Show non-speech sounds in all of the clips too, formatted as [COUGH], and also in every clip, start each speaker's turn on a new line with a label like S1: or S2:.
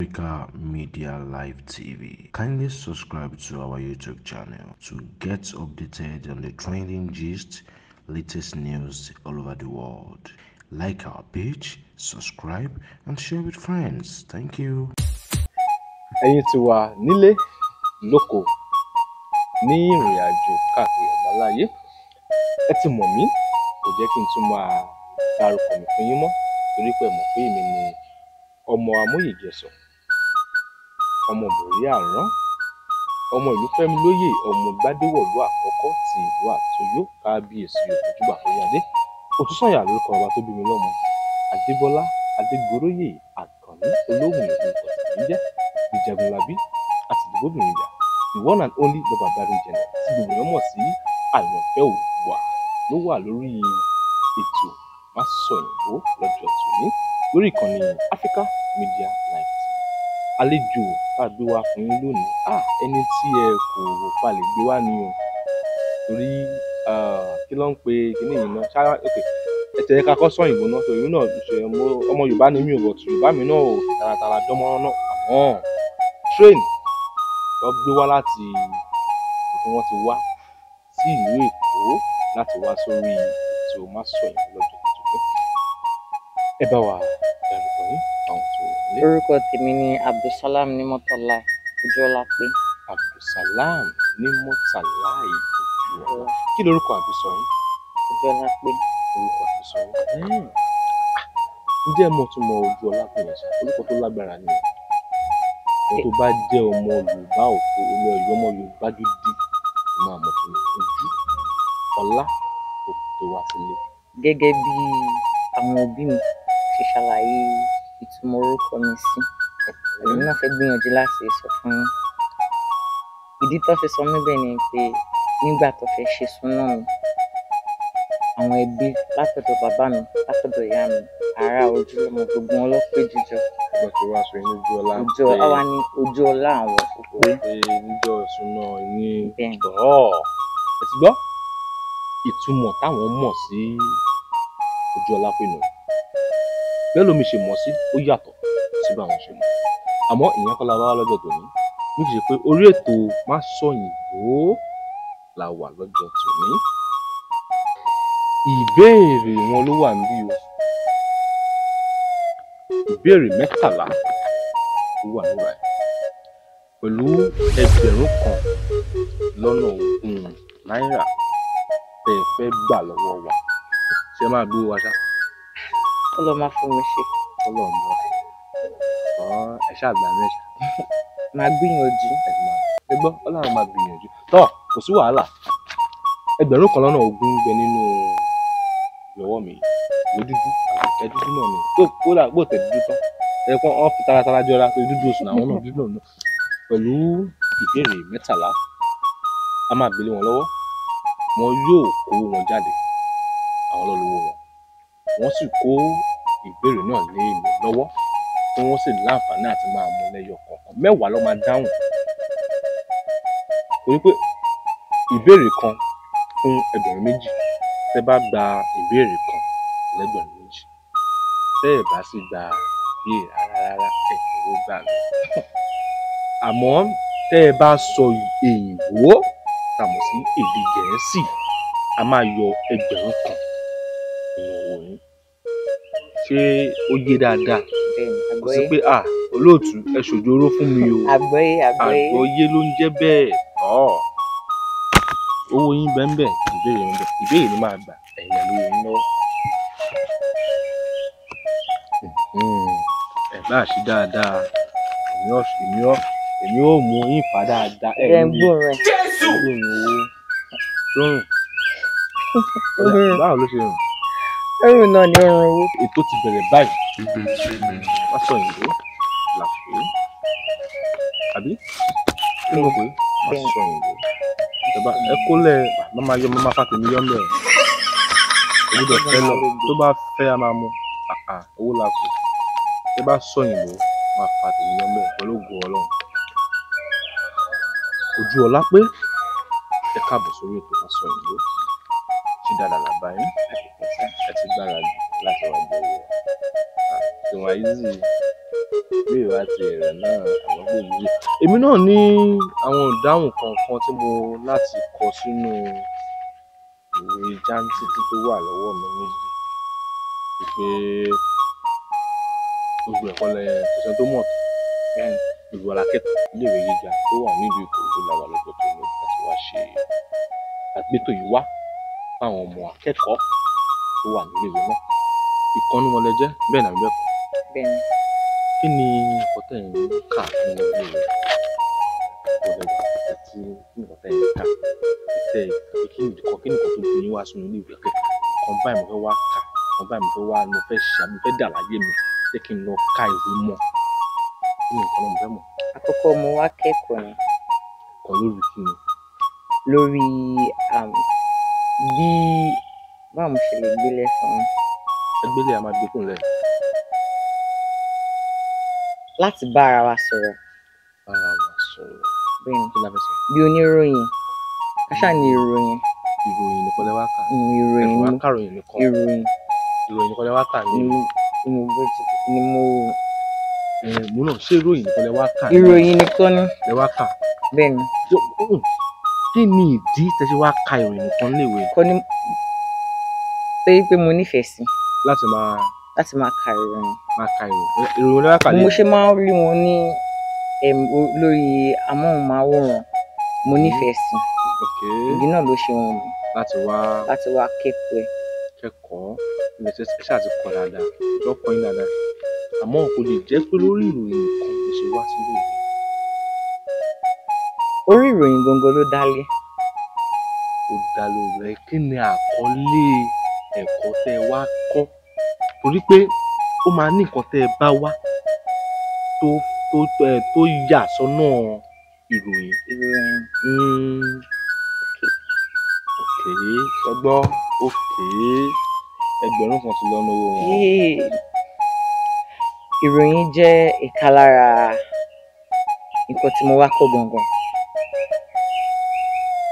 S1: Africa Media Live TV. Kindly subscribe to our YouTube channel to get updated on the trending gist, latest news all over the world. Like our page, subscribe, and share with friends. Thank you. Ẹ̀yin tí wà nílé lóko ní ìrìn àjò káàkiri àgbáláyé ẹ ti mọ̀ mí kò jẹ́ kí n tún máa dárúkọ mi fún yín ọmọ àrán ọmọ ìlú fẹ́mi lóyè ọmọ gbadéwọlú àkọ́kọ́ ti ìlú àtúyó kábíyèsí òkútùbà oríadé òtúsànyà lórúkọ ọba tó bí mi adébọlá adégoróyè àkànní olóhùn ìlú kọtìníjẹ ìjẹgunlabí àti the one and only bàbá Barigeneral tí gbogbo èèyàn mọ̀ sí àyànfẹ́ òwúwa ló wà lórí ètò Má Sọ̀yìnbó tòní lórí ìkànnì Africa Media Live àlejò tá a gbé wá fún yín lónìí ah ẹni tí ẹ kò rò pa lè gbé wá ni o torí kí ló ń pe kíní yìí náà ṣáá okay ẹ̀tẹ̀ ẹ̀ka kọ́ sọ òyìnbó náà torí náà ọmọ yorùbá ni mí ò rọ̀ tù yorùbá mi náà ò taratara dánmọ́rán náà àmọ́ train lọ gbé wá láti ìlú wọn ti wá sí ìlú èkó láti wá sórí ètò Má Sọ̀yìn lọ́jọ́ tuntun ẹ bá wa orúkọ tèmi ni abdulsalam ni mọ́tọ́lá ojúọlá pé. abdulsalam ní mọ́tọ́lá ojúọlá kí lorúkọ àbísọ yín. ojúọlá pé. orúkọ àbísọ yín. Hmm. Ah, ǹjẹ́ mo tún mọ ojúọlá pé yẹn sọ orúkọ tó lágbára ni o tó bá jẹ́ ọmọ yorùbá òkú olú ọ̀yọ́ ọmọ yorùbá dúdú ó máa mọ̀ tó ní ojú ọlá tó wá sílé. gẹ́gẹ́ bí àwọn òbí mi ṣe ṣàlàyé ìtumọ̀ orúkọ mi sí èmi náà fẹ́ gbìyànjú láti sọ fún yín ìdí tó fi sọ mí bẹ́ẹ̀ ni pé nígbà tó fẹ́ ṣe súná mi àwọn ẹbí látọ̀dọ̀ bàbá mi látọ̀dọ̀ ìyá mi ará ojúlọ́mọ gbogbo wọn ló pé jíjọ ọgbọ́n tí wàá sọ ní ojú ọlá ojú ọlá ní ojú ọlá àwọn òkúkúrú. pé níjọ ìsúná ní tọ́ ẹ ti gbọ́ ìtumọ̀ táwọn mọ̀ sí ojú ọlá pinnu bẹ́ẹ̀ lómi ṣe mọ̀ sí ó yàtọ̀ sí bá wọn ṣe mọ̀ àmọ́ ìyẹn kọ́ la wá lọ́jọ́ tòní ní ti ṣe pé orí ètò má sọ̀yìnbó la wà lọ́jọ́ tòní ìbéèrè wọn ló wà níbí o ìbéèrè mẹ́tàlá ló wà níbà yìí pẹ̀lú ẹgbẹ̀rún kan lọ́nà ogún náírà tẹ̀ fẹ́ gbà lọ́wọ́ wa ṣe máa gbé wa ṣáà kó lọ máa fún mi ṣe. kó lọ mọ ọ ẹ ṣàgbà mẹ́ta. [LAUGHS] màá gbìyànjú. ẹ gbọ́ ọlọ́run máa gbìyànjú tọ́ kò sí wàhálà ẹgbẹ̀rún kan lọ́nà ogún ń bẹ nínú ìlọ́wọ́ mi ìwé dúdú àtẹ dúdú náà ni tó kódà bó tẹ̀ dúdú tán ẹ pọ́n ọ́n fi taratara jọra pé dúdú oṣù làwọn náà dúdú náà pẹ̀lú ìbéèrè mẹ́tàlá a máa bèlè wọn lọ́wọ́ wọn yóò kó wọn jáde àwọn lọ́lọ́wọ́ wọn wọ́n sì kó ìbéèrè náà lé ìmọ̀ lọ́wọ́ tí wọ́n sì láǹfààní àti máa mú lẹ́yọ kọ̀ọ̀kan mẹ́wàá ló máa dáhùn torí pé ìbéèrè kan fún ẹgbẹ̀rún méjì tẹ́ bá gba ìbéèrè kan lẹ́gbẹ̀rún méjì tẹ́ ẹ̀ bá sì gba ìbéèrè rárá ẹ̀ ló gbà mí àmọ́ tẹ́ ẹ bá sọ èyìnbó tàmọ̀ sí èdè gẹ̀ẹ́sì a máa yọ ẹgbẹ̀rún kan ṣé ó yé dáadáa kò sí pé ah olóòtú ẹ ṣòjóró fún mi o àgbọ́yé àgbọ́yé ló ń jẹ́ bẹ́ẹ̀ owó yín bẹ́ẹ̀ bẹ́ẹ̀ ìbéèrè ń bẹ̀ ìbéèrè ni máa gbà ẹ̀yìn ló yẹ lọ́wọ́. Hmm. ẹ bá ṣe dáadáa èmi ò èmi ò èmi ò mú yín fà dáadáa ẹ ń gbó rẹ jésù lóyún owó lọ́rùn báwo ló ṣe rùn ẹrù náà ni ọrùn owó. ètò ti bẹ̀rẹ̀ báyìí wọ́n sọ ìwé làpé àbí kí ló pé wọ́n sọ ìwé ìjọba ẹ kólẹ̀ mama yọ mama fati mi yọ mẹ́rin èmi dẹ̀ fẹ́ lọ tó bá fẹ́ a máa mu owó làpé ẹ bá sọ ìwé máa fati mi yọ mẹ́rin pẹ̀lú ògùn ọlọ́run ojú ọlá pé ẹ káàbọ̀ sórí ètò wọ́n sọ Chidera la bá yín ẹ ti gbáradì láti wá gbé wọ ìwọ̀n easy bí ìwà ti rẹ̀ náà àwọn gbòógì. èmi náà ní àwọn ìdáhùn kọ̀ọ̀kan tí mo láti kọ sínú ìwé jáǹtìtì tó wà lọ́wọ́ mi níbí wípé gbogbo ẹ̀kọ́ lẹ tẹ̀sán tó mọ̀ tán gbogbo alákẹ́tọ̀ iléèwé gíga tó wà nílùú Ìkòròdú làwọn àlejò tó láti wá ṣe àgbétò yìí wá fáwọn ọmọ akẹ́kọ̀ọ́ tó wà nílé ìwé náà ìkànnì wọn lẹ jẹ́ bẹ́ẹ̀ náà bẹ́ẹ̀ kọ́. bẹ́ẹ̀ ni. kí ni nǹkan tẹ̀ ń kà ní ilé ìwé ìjọba ìgbà tí nǹkan tẹ̀ ń kà tẹ̀ kí ni nǹkan kí ni nǹkan tó fi yín wá sínú ilé ìwé kẹ̀ kan báyìí mo fẹ́ wá kà kan báyìí mo fẹ́ wá mo fẹ́ ṣe mo fẹ́ dà láyé mi jẹ́ kí n lọ ka ìwé mọ́ kí ni nǹkan náà mo fẹ́ mọ̀. àkọ́kọ́ mo wá kẹ́kọ̀ọ́ ni. kọ́ lórí kí ni. lórí um, Bí báwo mo ṣe lè gbélé fún un? Ẹ gbélé, a máa gbé kúrò lẹ̀. Láti bá ara wa sọ̀rọ̀. Bára wa sọ̀rọ̀. Bẹ́ẹ̀ni. Kí la fẹ́ sọ? Bí oníròyìn. Ká ṣáà ní ìròyìn. Ìròyìn nìkan lẹ wá kà. Ìròyìn nìkan. Ẹ̀fọn akáròyìn nìkan. Ìròyìn. Ìròyìn nìkan lẹ kà ní. Ni mo bó ti ni mo. Ẹ̀ mo náà ṣé ìròyìn nìkan lẹ kà? Ìròyìn nìkan ni. Lẹ kà. Bẹ́ẹ̀ni. Mm, kí ni ìdí tẹ́sí wá ka ìròyìn kan léwe. kò ní torí pé mo nífẹ̀ẹ́ sí. láti máa. láti máa ka ìròyìn. máa ka ìròyìn ìròyìn lọ́wọ́ kàlẹ́. mo ṣe máa ń rí wọn ní lórí amóhùnmáwòrán mo mm-hmm. nífẹ̀ẹ́ sí. ìdí náà ló ṣe wọn mi. láti wá. láti wá kẹ́kọ̀ọ́ ẹ̀. kẹ́kọ̀ọ́ ilẹ̀ tẹ́ ṣe àti kọ́ dáadáa lọ́kọ̀ yín dáadáa àmọ́ kò lè jẹ́ pé lórí ìròyìn kan ló ṣe wá sílé ìwé orí ìròyìn gangan ló dálé. ó dá lórí ẹ kí ni àkọlé ẹ̀kọ́ tẹ́ ẹ wá kọ́ torí pé ó máa ní nǹkan tẹ́ ẹ bá wá tó tó tó yà sọ́nà ìròyìn. ìròyìn. òkè ọgbọ́n òkè ẹgbẹ̀rún kan sí lọ́nà owó wọn. ìròyìn jẹ́ ìka nǹkan tí mo wá kọ́ gangan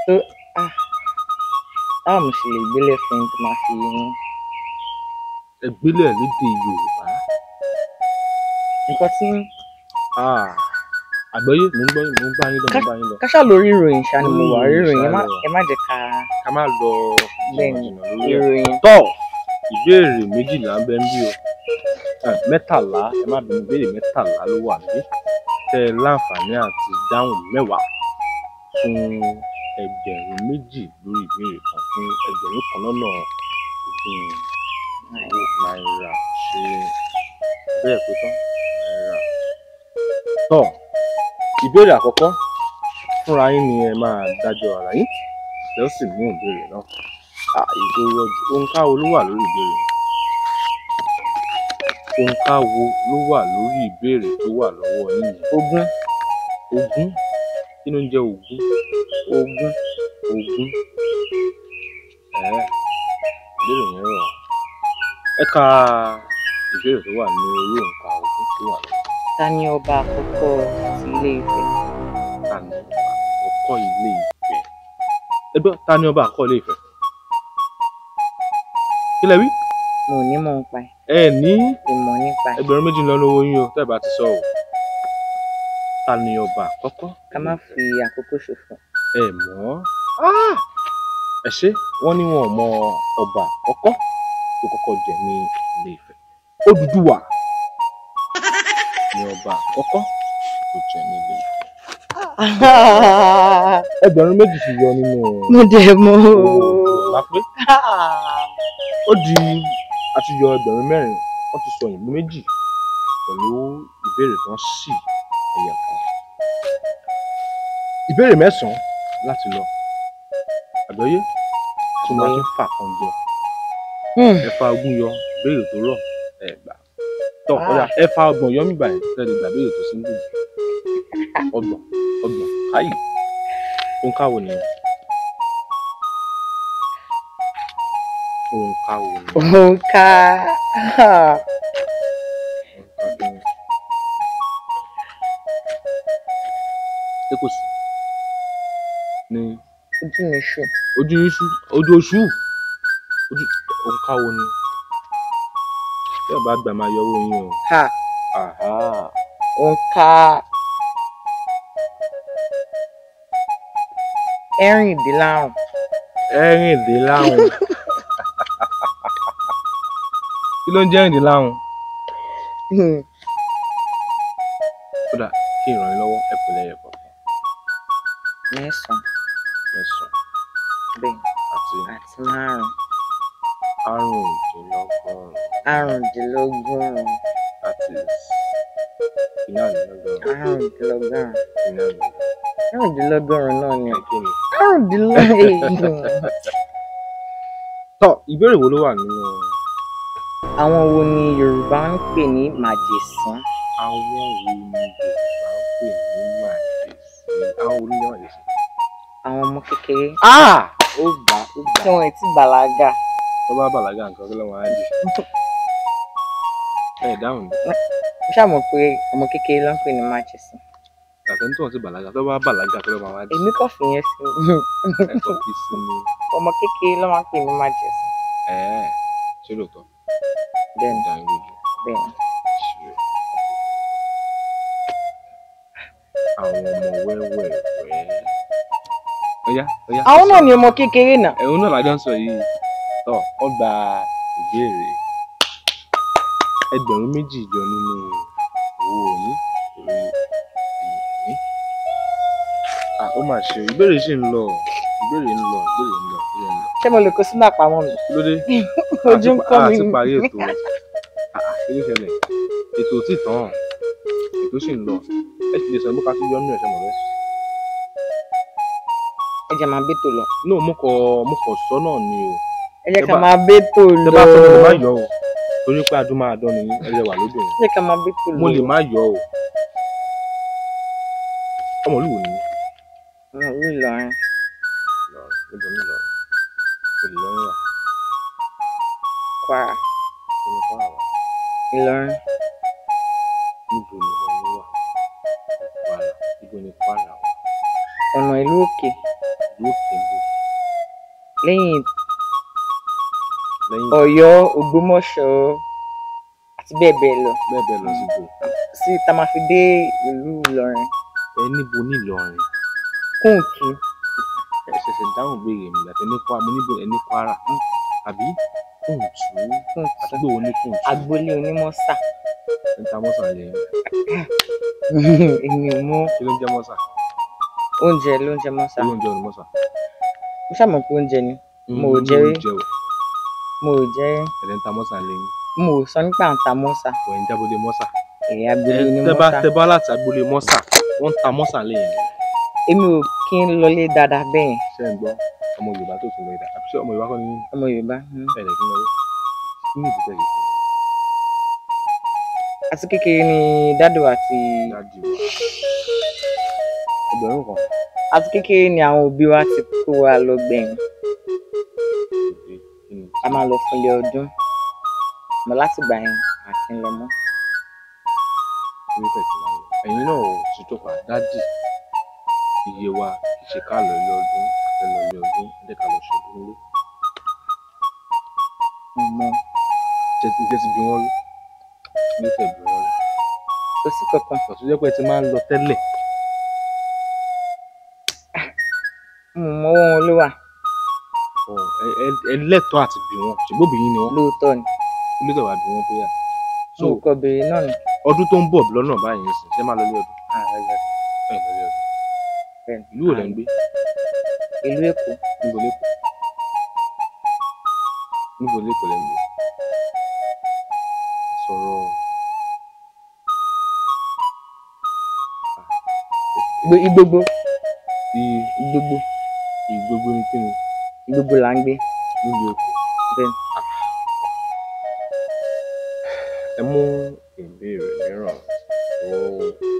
S1: so ah táwọn mo ṣe lè gbélẹ̀ fún tó máa fi rún. ẹ gbélẹ̀ lédè Yorùbá. nǹkan tí. Ah, àgbẹ̀yé mò ń gbọ́ yín mò ń bá yín lọ mò ń bá yín lọ. káṣá lórí ìròyìn ṣá ni mo wà ríròyìn ẹ má jẹ́ ká. ká má lọ bẹ́ẹ̀ni ìròyìn. tọ́ ìbéèrè méjìlá ń bẹ ń bí o eh, mẹ́tàlá ẹ má bínú ìbéèrè mẹ́tàlá ló wà níbí tẹ́ láǹfààní àti dáhùn mẹ́wàá fún ẹgbẹ̀rún méjì lórí ìbéèrè kan fún ẹgbẹ̀rún kan lọ́nà ogún náírà ṣe bẹ́ẹ̀ pé tán náírà. tọ́ ìbéèrè àkọ́kọ́ fúnra yín ni ẹ máa dájọ́ ara yín ẹ ó sì mú ìbéèrè náà ìgboro òǹkà wo ló wà lórí ìbéèrè òǹkà ló wà lórí ìbéèrè tó wà lọ́wọ́ yín ogún ogún kínú ń jẹ ògún ogún ògún ẹ̀hẹ́n ìbéèrè yẹn rọ̀ ẹ̀ka ìbéèrè tó wà ní orí òǹkà ogún tó wà lọ́wọ́. ta ni ọba àkọ́kọ́ ti ilé Ifẹ̀? ta ni ọba àkọ́kọ́ ilé Ifẹ̀? ẹgbẹ́ ta ni ọba àkọ́kọ́ ilé Ifẹ̀? kílẹ̀ wí. mo ní mọ̀ nípa ẹ̀. ẹ ní. ìmọ̀ nípa ẹgbẹ̀rún méjì lọ́nà owó yín o tẹ́ bá ti sọ o ta ni ọba àkọ́kọ́. ká má fi àkókò ṣòfò. ẹ mọ̀ ah! ẹ ṣe wọ́n ní wọn mọ ọba àkọ́kọ́ tó kọ́kọ́ jẹ ní ilé Ifẹ̀ Odùduwà ni ọba àkọ́kọ́ tó jẹ ní ilé Ifẹ̀ [LAUGHS] ẹgbẹ̀rún méjì ti yọ nínú. mo dẹ̀ mọ́ o. lápẹ́ ó di àtúyọ ẹgbẹ̀rún mẹ́rin wọ́n ti sọ ìlú méjì pẹ̀lú ìbéèrè tán sí ẹ̀yà kan ìbéèrè mẹ́sàn-án láti lọ àgbọ́yé tí wọ́n tún fà kan jọ hmm. ẹ fa ogún yọ béèrè tó rọ̀ ẹ gbà tọ ah. ọ̀dà ẹ fa ọgbọ̀n yọ mìgbà yẹn tẹ́lẹ̀ gbà béèrè tó sí ń gbìyànjú ọgbọ̀n ọgbọ̀n káyì òǹkà wo nìyẹn. òǹkà wo nìyẹn. òǹkà. ojú mi ṣú. ojú yín ṣú ojú oṣù ojú òǹkà wo ni tí ọba àgbà máa yọ owó yín o. ha òǹkà ẹ̀rìndínláàrún. ẹ̀rìndínláàrún [LAUGHS] kí ló ń jẹ́ ẹ̀rìndínláàrún. kódà hmm. kí ìrànlọ́wọ́ ẹ̀ pẹ̀lẹ́ yẹ kọ̀ọ̀kan. mẹ́sàn-án. márùn-ún. Àrùndínlọ́gọ́rùn-ún. Àrùndínlọ́gọ́rùn-ún. That is ìyáàdínlọ́gọ́rùn-ún. Àrùndínlọ́gọ́rùn-ún. Àrùndínlọ́gọ́rùn-ún náà ni. Kíni? Àrùndínlọ́gọ́rùn-ún. Tọ́ [LAUGHS] ìbéèrè wo ló wà nínú? Àwọn wo ni Yorùbá ń pè ní màjèsán? Àwọn wo ni Yorùbá ń pè ní màjèsán? Àwọn wo ni wọ́n lè ṣe? Àwọn ọmọ kékeré. Ah! ó gbà ó gbà. tí wọn ì tí bàlágà. tó bá bàlágà nǹkan kí lọ́wọ́ á di. ẹ dáhùn ni. mo ṣàmọ̀ pé ọmọ kékeré ló ń pè ní Manchester. àti ní tí wọn ti balaga tó bá bàlágà kí lọ́wọ́ á di. èmi kò fi yẹn sí i. fi sí mi. ọmọ kékeré ló máa ń pè ní Manchester. ẹ ẹ ṣé lóòótọ́. bẹ́ẹ̀ni bẹ́ẹ̀ni. àwọn ọmọ wẹ́wẹ́ ọ̀yá ọ̀yá. àwọn náà ni ọmọ kékeré náà. ẹ̀hún náà lájọ ń sọ yìí tó ọ gba ìbéèrè ẹgbẹ̀rún méjì jọ nínú owó òní orí ìyẹ̀mí. ó mà ṣe ìbéèrè ṣì ń lọ ìbéèrè ń lọ ìbéèrè ń lọ ìbéèrè ń lọ. ṣé mo lè kó sínú àpamọ́ mi. lóde ojú ń kọ́ mi. àti parí ètò ilé ìṣẹ̀lẹ̀ ètò ò tí tán ètò ṣì ń lọ ẹ sì lè sọ bó ká tún yọ nínú ẹ̀ṣẹ̀ mọ̀ bẹ́ẹ̀ ẹ jẹ́ máa bẹ́tò lọ. no mo kọ mo kọ sọ náà ni o. ẹ jẹ́ ká máa bẹ́tò lọ. tẹ bá sọ mo má yọ o torí pé adúmọ àdán ni ẹ lè wà lódò yẹn. ẹ jẹ́ ká máa bẹ́tò lọ. mo lè má yọ o. ọmọ olúwo ni. ọmọ olúwo Ìlọrin. Ìlọrin níbo ni Ìlọrin Ìlọrin wà. Kwara. Ìlọrin Kwara wà. Ìlọrin. níbo ni Ìlọrin wà Kwara níbo ni Kwara wà. ọ̀nà ìlú òkè. E. ìlú Òkèlè lẹ́yìn Ọ̀yọ́ Ògbómọ̀ṣọ́ àti bẹ́ẹ̀ bẹ́ẹ̀ lọ. bẹ́ẹ̀ bẹ́ẹ̀ lọ síbò. sí tá máa fi dé ìlú Ìlọrin. ẹ níbo ní Ìlọrin. Kúǹtù. ẹ ṣẹ̀ṣẹ̀ dáhùn béèrè mi àti ẹni kwara mo níbo ẹni kwara hmm. àbí Kúǹtù. àdúgbò wo ní Kúǹtù. agboolé onímọ̀sà. ẹ ta mọ́sà lẹ́yìn. [LAUGHS] èmi ò kí ló ń jẹ́ mọ́sà oúnjẹ lóúnjẹ mọ́sà. oúnjẹ ló mọ́sà. mo ṣàmọ̀ pé oúnjẹ ni
S2: mm, mo ò mm, jẹ́ rí
S1: mo ò jẹ́ rí. ẹ̀rẹ́ ń ta mọ́sà lẹ́yìn. mo ò sọ nípa ń ta mọ́sà. ọ̀ ẹ̀ ń jábọ̀lé mọ́sà. ẹ̀rẹ́ agbolé ní mọ́sà. tẹ́ bá láti agbolé mọ́sà wọ́n ń ta mọ́sà lẹ́yìn. èmi ò kí ń lọlé dáadáa bẹ́ẹ̀. ṣé ń gbọ́ ọmọ Yorùbá tó tún lọ àbí ṣé ọmọ Yorùbá kọ́ ni. ọmọ Yorùbá. Hmm. ẹ̀rẹ̀ kí ni dádò àti. dádò ẹgbẹ̀rún kan àti kékeré ni àwọn òbí wa ti kó wa lọ gbẹ̀yìn a máa lọ fúnlé ọdún mọ láti gbà yẹn àti ń lọ mọ́. ẹ̀yin náà ò sì tó pa dádì iye wa ṣe ká lọ ilé ọdún àti lọ ilé ọdún ẹ̀dẹ̀ ká lọ ṣọdún lé. mo jẹ́ ti bí wọ́n rí nífẹ̀ẹ́ bí wọ́n rí. kò sí kankan. ọ̀tún jẹ́ pé ẹ ti máa ń lọ tẹ́lẹ̀. mo mọwọ́ wọn ló wà. ẹlẹ́tọ̀ọ́ àti bí wọn ṣùgbọ́n obìnrin ni wọn. lóòótọ́ ni. lóòótọ́ wà bí wọn pé yà. so nǹkan bèrè náà ni. ọdún tó ń bọ̀ lọ́nà báyìí ń sìn ṣé máa lọ lé ọdún. ìlú wo lẹ ń gbé. ìlú èkó. níbo lẹ́kọ̀ọ́ níbo lẹ́kọ̀ọ́ lẹ ń gbé. sọ̀rọ̀. igbogbo. igbogbo ìgbogbo ní kí ni gbogbo là ń gbé níbi oko bẹ́ẹ̀. ẹ mú ìbéèrè mìíràn o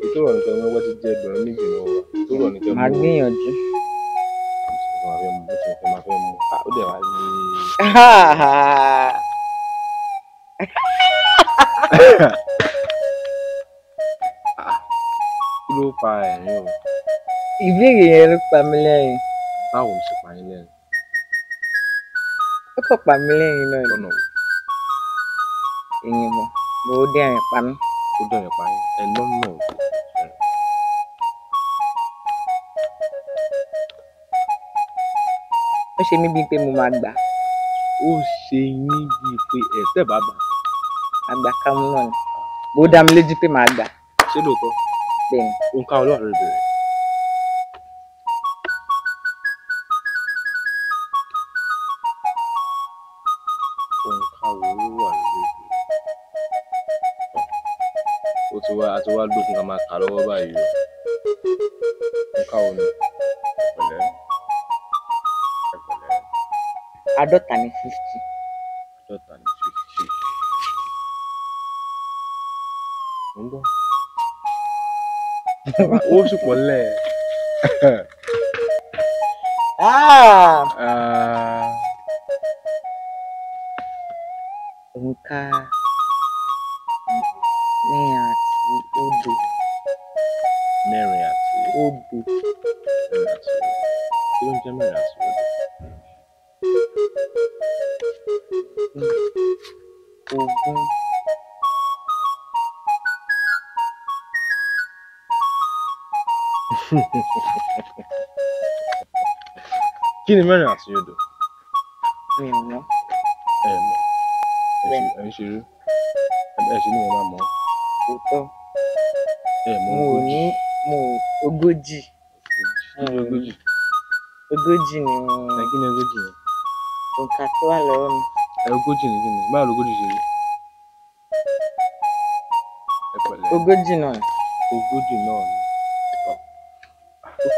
S1: ètò ọ̀rọ̀ nìkan wọ́n wá ti jẹ́ ẹgbẹ̀rún níbi ìnáwó wa ètò ọ̀rọ̀ nìkan wọ́n. màá gbìyànjú. mo fẹ́ mú mo fẹ́ máa fẹ́ mú ó dẹ̀ wá ní. kí ló fa ẹ̀rín o. ìbéèrè yẹn ló pa mí lẹ́yìn báwo ló ṣe pa yín lẹ́rìn. ó kàn pa mí lẹ́rìn náà ni. lọ́nà wo. èèyàn mọ̀ mo ó dé àyàn pa mí. ó dé àyàn pa yín ẹ lọ́nà wo. ó ṣe mí bíi pé mo máa gbà. ó ṣe yín bíi pé ẹ̀sẹ̀ bá bà. àgbà kámú náà ni mo dá mi lójú pé màá gbà. ṣé lóòótọ́. bẹ́ẹ̀ ni. òǹkà olóòrè bẹ̀rẹ̀. tó wá dókun ká máa kà lọ́wọ́ báyìí o ń káwọn àádọ́ta ní fifty. àádọ́ta ní fifty. mo ń bọ̀. owó [LAUGHS] sì pọ̀ nílẹ̀. Ah! Ah. òǹkà ní àti odò mẹ́rin àti odò mẹ́rin àti odò kí ló ń jẹ́ mẹ́rin àti odò. ogún kí ni mẹ́rin àti odò. mi ò mọ̀. ẹ ẹ ṣe ẹ ṣe rí ẹ ṣe ní mo máa mọ̀. òótọ́ mo ò ní mo ogójì ogójì ogójì ni mo kí ni ogójì yẹn òǹkà tó wà lọ́wọ́ mi. ogójì ni kí ni báwo logójì ṣe rí ogójì náà ni. ogójì náà ni ókè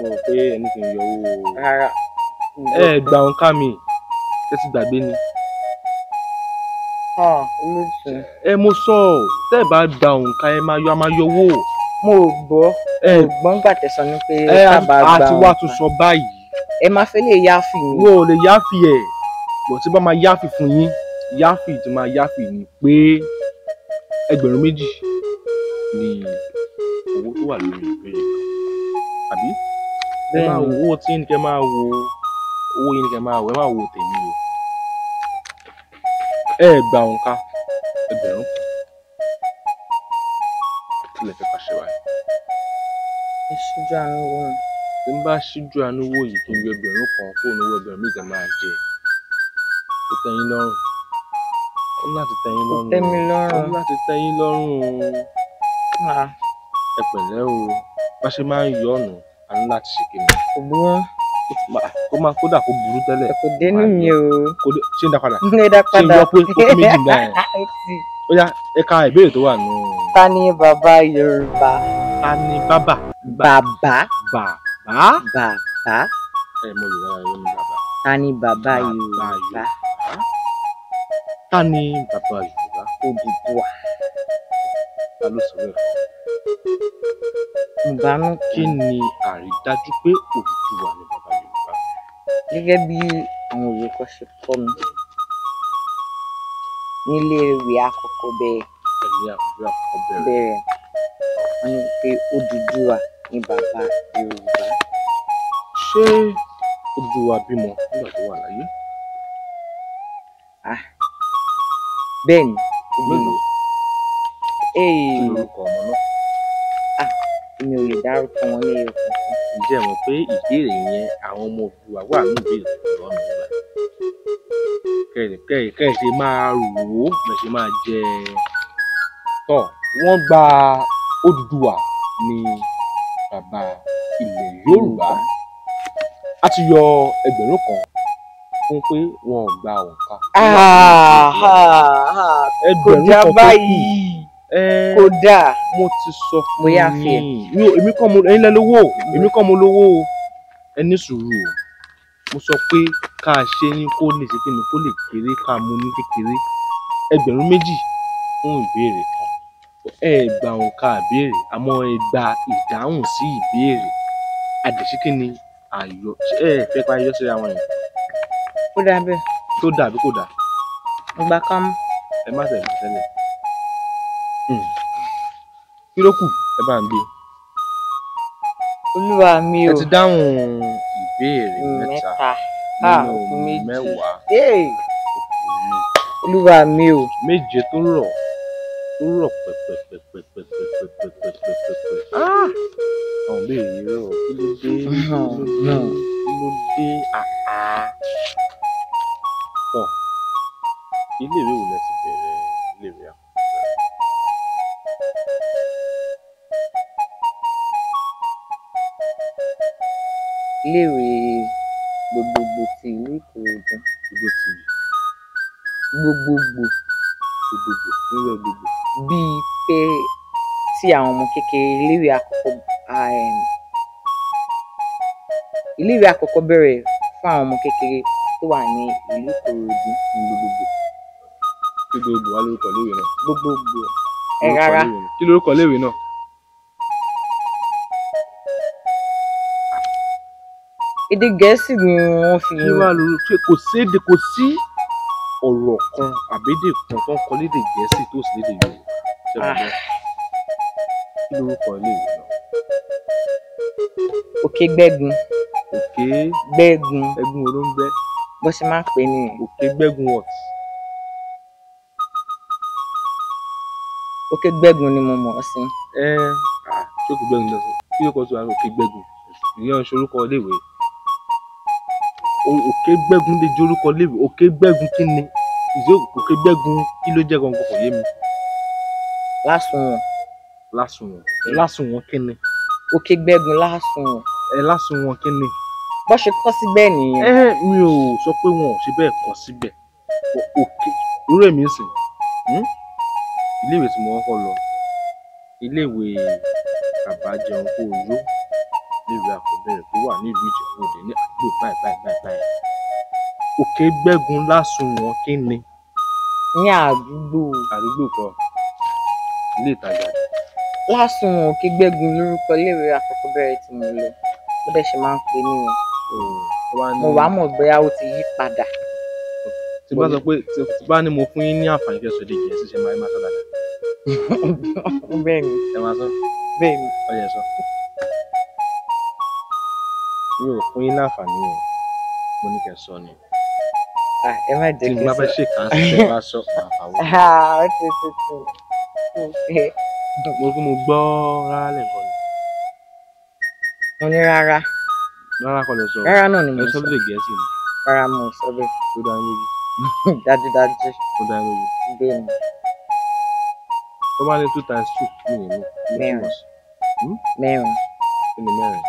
S1: mo rò pé ẹni kì í yọ owó. rárá. ẹ gbà òǹkà mi ẹ ti gbàgbé ni. Ah, ẹ mo sọ ọ tẹ́ ẹ bá gba òǹkà ẹ máa yọ a máa yọwọ. mo gbọ́ gbọ́n gbà tẹ̀sán ni pé ká bá gba òǹkà. àti wàá tún sọ báyìí. ẹ máa fẹ́ lè yáàfì yín. wo lè yáàfì ẹ̀ bọ̀ tí bá máa yáàfì fún yín yáàfì tó máa yáàfì ni pé ẹgbẹ̀rún méjì ni owó tó wà lórí ìbéèrè kan àbí ẹ máa wo owó tí ní kẹ́ máa wo owó yín ní kẹ́ máa wo ẹ máa wo tèmi o ẹ gba òǹkà ẹgbẹ̀rún kí lè fẹ́ ká ṣe wáyé. ẹ ṣíjú àánú wò ó. tí n bá ṣíjú àánú wò yìí kí n yọ ẹgbẹ̀rún kan kó ní owó ẹgbẹ̀rún mi gan máa jẹ ó tẹ́yìn lọ́rùn ó láti tẹ́yìn lọ́rùn ó tẹ́mi lọ́rùn ó láti tẹ́yìn lọ́rùn o. Ah. ẹ pẹ̀lẹ́ o bá ṣe máa ń yọ ọ̀nà a ní láti ṣe kí ni. kò gbọ́ kó má kódà kó burú tẹ́lẹ̀. kò dénú mi o. kò dé ṣé n dá padà. [LAUGHS] n lè dá padà ṣé n yọ pé kókó méjì ńlá yẹn. [LAUGHS] ó yá ẹ ka ìbéèrè tó wà nù. ta ni bàbá yorùbá. ta baba. bàbá. baba bàbá. bàbá. ẹ mo lè rárá yóò ní bàbá. ta ni bàbá yorùbá. ta ni bàbá yorùbá. Odùduwà. ta ló sọ bẹ́ẹ̀ ìbánú kí ni àrídájú pé Odùduwà ni bàbá gẹ́gẹ́ bí àwọn òwe kan ṣe kọ́ mi nílé ìwé àkọ́kọ́bẹ̀rẹ̀ bẹ̀rẹ̀ wọ́n ní pé Odùduwà ni bàbá Yorùbá. ṣé Odùduwà bímọ nígbà tó wà láyé? Ah, bẹ́ẹ̀ ni obìnrin èèyàn ah, èmi ò lè dárúkọ wọn ní ẹ̀yọ̀kan ǹjẹ́ ẹ mọ̀ pé ìbéèrè yẹn àwọn ọmọ Oòduà wà ní ìbéèrè lọ́wọ́ mi nígbà kẹ̀kẹ́ kẹ̀kẹ́ máa rò ó bẹ̀ ṣe máa jẹ tọ̀ wọ́n gba Odùduwà ní bàbá ilẹ̀ Yorùbá a ti yọ ẹgbẹ̀rún kan fún pé wọn ò gba òǹkà. ẹgbẹ̀rún kan tó kù Eh, kódà mo ti sọ fún yín hmm. èmi kọ́ mo ẹ̀yin lẹ lówó hmm. èmi kọ́ mo lówó ẹ ní sùúrù o mo sọ pé ká a ṣe ní kó lè ṣe kíni kó lè kéré ká a mú ní kékeré ẹgbẹ̀rún méjì fún ìbéèrè kan ẹ gba òǹkà ìbéèrè àmọ́ ẹ gba ìdáhùn sí ìbéèrè àdèṣíkíni àyọ ẹ fẹ́ pa ayọ́ síra wọn yẹn. ó dà bẹ́ẹ̀. tó dà bí kò dà. ìgbà kan ẹ má tẹ̀lé tẹ́lẹ̀. Hmm. kí ló kù ẹ bá ń gbé. olúwa mi o ẹ ti dáhùn ìbéèrè mẹ́ta nínú mẹ́wàá olúwa mi o. méje tó rọ̀ tó rọ̀ pẹ̀pẹ̀pẹ̀pẹ̀pẹ̀pẹ̀pẹ̀pẹ̀ àwọn béèrè yìí rọ̀ kí ló dé kí ló dé àá tọ̀ ilé ìwé wò lẹ́sìn. iléèwé gbogbogbò ti ìlú ìkòròdú gbogbo ti gbogbogbò gbogbogbò nílẹ̀ gbogbo bíi pé tí àwọn ọmọ kékeré iléèwé àkọ́kọ́ iléèwé àkọ́kọ́ bẹ̀rẹ̀ fún àwọn ọmọ kékeré tó wà ní ìlú ìkòròdú gbogbogbò. gbogbogbò wà lórúkọ náà. gbogbogbò ẹ rárá. kí lórúkọ iléèwé náà. èdè gẹ̀ẹ́sì ni wọ́n fi. ìwà lóru pé kò séde kò sí ọ̀rọ̀ kan àbédè kan tó ń kọ lédè gẹ̀ẹ́sì tó sì lédè yorùbá ṣẹ́gun kí lorúkọ ilé ìwé náà. òkè gbẹ́gun. òkè gbẹ́gun. ẹ̀gún wo ló ń gbẹ́. bó ṣe máa ń pè é nìyẹn. òkè gbẹ́gun what. òkè gbẹ́gun ni mo mọ̀ ọ́ sí. ẹ ṣé òkè gbẹ́gun lọ sí kí ló kọ́ sí wa òkè gbẹ́gun ìyẹn ń ṣorúkọ iléèwé òkè gbẹ́gun lè jorúkọ léèwé òkè gbẹ́gun kí ni òkè gbẹ́gun kí ló jẹ́ gangan kò yé mi. lásùnwọ̀n. lásùnwọ̀n lásùnwọ̀n kí ni. òkè gbẹ́gun lásùnwọ̀n. ẹ lásùnwọ̀n kí ni. bó ṣe kọ́ síbẹ̀ nìyẹn. ẹ mi ò sọ pé wọn ò ṣe bẹ́ẹ̀ kọ́ síbẹ̀ òkè irú èmi ń sìn hmm? iléèwé tí mo kọ́kọ́ lọ iléèwé àbájẹun kó iléèwé àkọ́ bẹ̀rẹ̀ tó wà nílùú ìjẹ̀bú òde ní àdúgbò báyìí báyìí báyìí báyìí òkè gbẹ́gun lásùnwọ̀n kí ni. ní àdúgbò. àdúgbò kọ ilé ìtajà. lásùnwọ̀n òkè gbẹ́gun lórúkọ iléèwé àkọ́kọ́bẹ̀rẹ̀ tí mo lọ bó dẹ̀ ṣe máa ń pè nìyẹn mo wàá mọ̀ bóyá ó ti yí padà. tí bá sọ pé tí bá ní mo fún yín ní àǹfààní kẹsàn èdè gẹ̀ẹ́sì ṣe máa ń máa sọ dáadáa. [LAUGHS] bẹ́ẹ̀ni. ẹ máa sọ. bẹ́ẹ̀ni. ọyẹ sọ mi ò fún yín láǹfààní o mo ní kẹ́ sọ ni. ẹ má jẹ́ kí n sọ tí n bá fẹ́ ṣe kàn án ṣe bá sọ àwọn. [LAUGHS] Ah, ó ti ti ti mo tún mo gbọ́ rárá lẹ́kọ̀ọ́ ni. mo ní rárá. rárá kọ́ lè sọ. rárá náà ni mo sọ. ẹ sọ bí lè gẹ̀ẹ́sì ni. rárá mo sọ bẹ́ẹ̀. ó dá yín lójú. [LAUGHS] dájúdájú. ó dá yín lójú. bẹ́ẹ̀ ni. tó bá ní two times two kí ni èmi. mẹ́rin hmm? mẹ́rin. kí ni mẹ́rin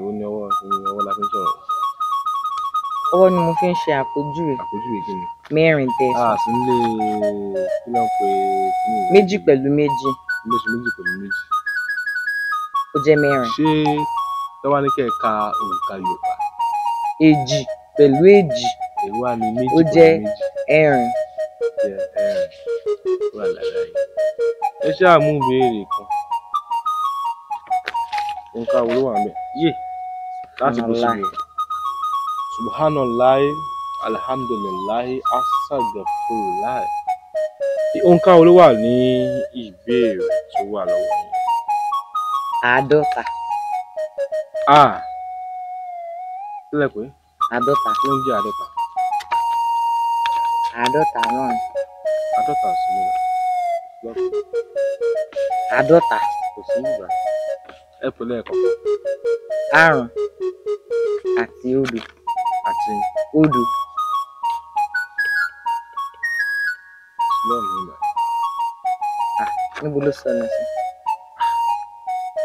S1: èwo ni ọwọ́ ọwọ́ la fi ń sọ̀rọ̀. ọwọ́ ni mo fi ń ṣe àpèjúwe. àpèjúwe kí ni. mẹ́rin tẹ. a sì ń lé kí ló ń pe. méjì pẹ̀lú méjì. méjì méjì pẹ̀lú méjì. ó jẹ́ mẹ́rin. ṣé tọ́wá ní kẹ́ ka òǹkà Yorùbá. èjì pẹ̀lú èjì. èwo á ní méjì pẹ̀lú méjì. ó jẹ́ ẹ̀rin. jẹ́ ẹ̀rin ẹ ṣáà mú ìbéèrè kan òǹkà wo ló wà ń bẹ̀ yé láti bó subhanallah alhamdulillah asagafurullah òǹkà wo ló wà ní ìbéèrè tó wà lọ́wọ́ yìí. àádọ́ta. a sílẹ̀ pé. àádọ́ta. ló ń jẹ́ àádọ́ta. àádọ́ta náà. àádọ́ta sí mi rà. àádọ́ta kò sí ìgbà ẹ pẹ̀lú ẹ̀kọ́. àrùn àti odò àti odò. lọ́ọ̀nù ìgbà. níbo ló sọ ẹ sí.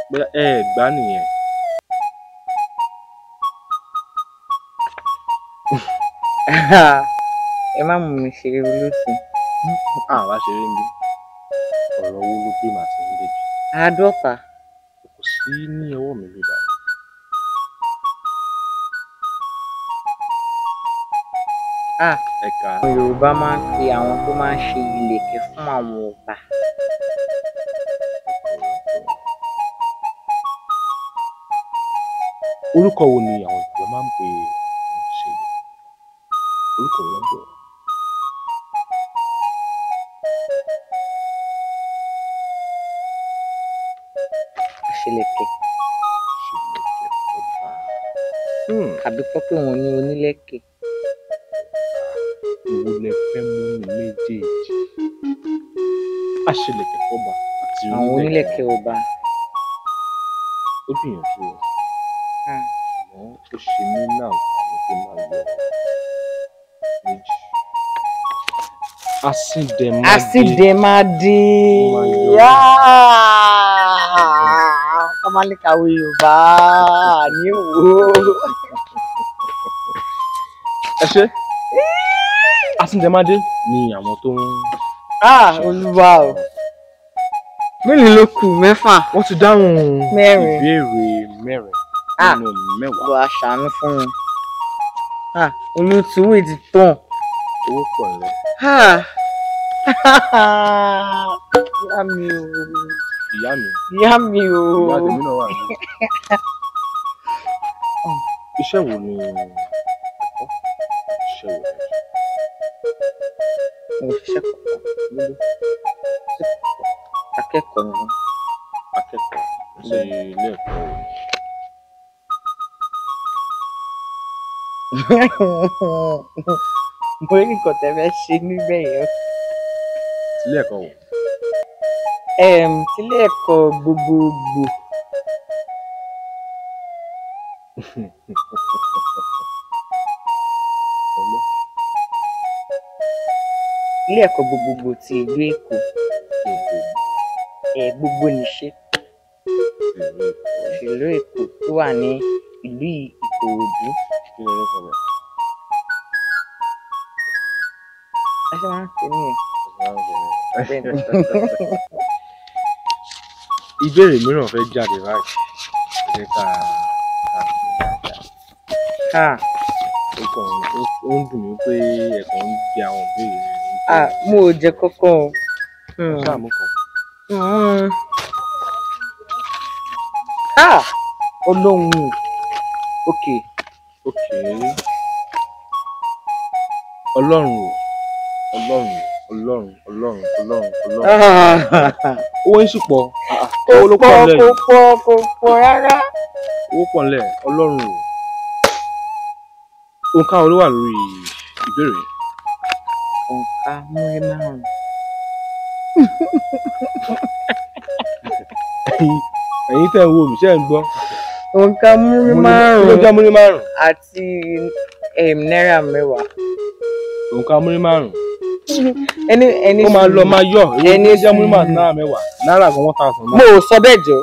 S1: bóyá ẹ gbá nìyẹn. [LAUGHS] ẹ má mú mi ṣeré olóṣèlú. àwa ṣeré ń bí ọ̀rọ̀ owó ló gbé màtí ń débi. àádọ́ta sí ní ọwọ́ mi bíbá yìí. ẹ̀ka. àwọn Yorùbá máa ń pe àwọn tó máa ń ṣe ìlẹ̀kẹ̀ fún àwọn ọba. orúkọ wo ni àwọn Yorùbá máa ń pe àwọn tó ń ṣe ìlẹ̀kẹ̀ orúkọ wo ló ń bẹ̀rẹ̀. àbí kọ́ pé wọ́n ní onílẹ̀kẹ̀. èwo lẹ fẹ́ mú ní méjèèjì àṣelẹ̀kẹ̀ fọba àti onílẹ̀kẹ̀. àwọn onílẹ̀kẹ̀ ọba. ó gbìyànjú o ah. àmọ́ ó ṣe mí náà àmọ́ tó máa lọ méjì. Asidemadi. Asidemadi. Yáá. Ah! Kọ́málíkàwé Yorùbá ní wo ẹ ṣe asúndẹ̀mádé ni àwọn tó ń. Ah, olúwa o mélòó ló kù mẹ́fà. wọ́n ti dáhùn ìbéèrè mẹ́rin ah, nínú mẹ́wàá. lọ aṣàánú fún mi ah, olùtúwì ti tàn. owó pọ̀ lọ. [LAUGHS] ìyá mi o. ìyá mi. ìyá mi o. ìyá mi náà wà ní. [LAUGHS] iṣẹ́ wo ni. fechou hoje. Eu vou fechar a conta. Aqui é como, né? Aqui é como. De Leopold. [LAUGHS] Por enquanto é mexendo bem. Se legal. É, se legal, bububu. tẹ́lẹ̀ ilé ẹ̀kọ́ gbogbogbò ti ìlú èkó ẹ̀ gbogbo níṣe ìlú èkó tó wà ní ìlú ìkòròdú. ẹ ṣe máa ń pè mí ẹ. ìbéèrè mìíràn fẹ́ jáde báyìí ká kàn ó ń dùn mí pé ẹ̀kọ́ ń jẹ àwọn ìbéèrè mi. ah mo ò jẹ kankan o. ṣáà mú kan. ah olóhùn ok. ok ọlọ́run o ọlọ́run ọlọ́run ọlọ́run ọlọ́run ọlọ́run [LAUGHS] owó ń ṣùpọ̀ owó ló pọ̀ nílẹ̀ yìí kò pọ̀ kò pọ̀ rárá owó pọ̀ nílẹ̀ ọlọ́run o òǹkà wo ló wà lórí ìbéèrè yìí. òǹkà múrẹ́ márùn-ún. ẹ̀yin tẹ́ ń wo mi ṣe ń gbọ́. òǹkà múrẹ́ márùn-ún. ló jẹ́ múrẹ́ márùn-ún. àti náírà mẹ́wàá. òǹkà múrẹ́ márùn-ún. ẹni ẹni ó máa lọ máa yọ èyí ló jẹ́ múrẹ́ márùn-ún náírà mẹ́wàá náírà gan one thousand. mo ò sọ bẹ́ẹ̀ jọ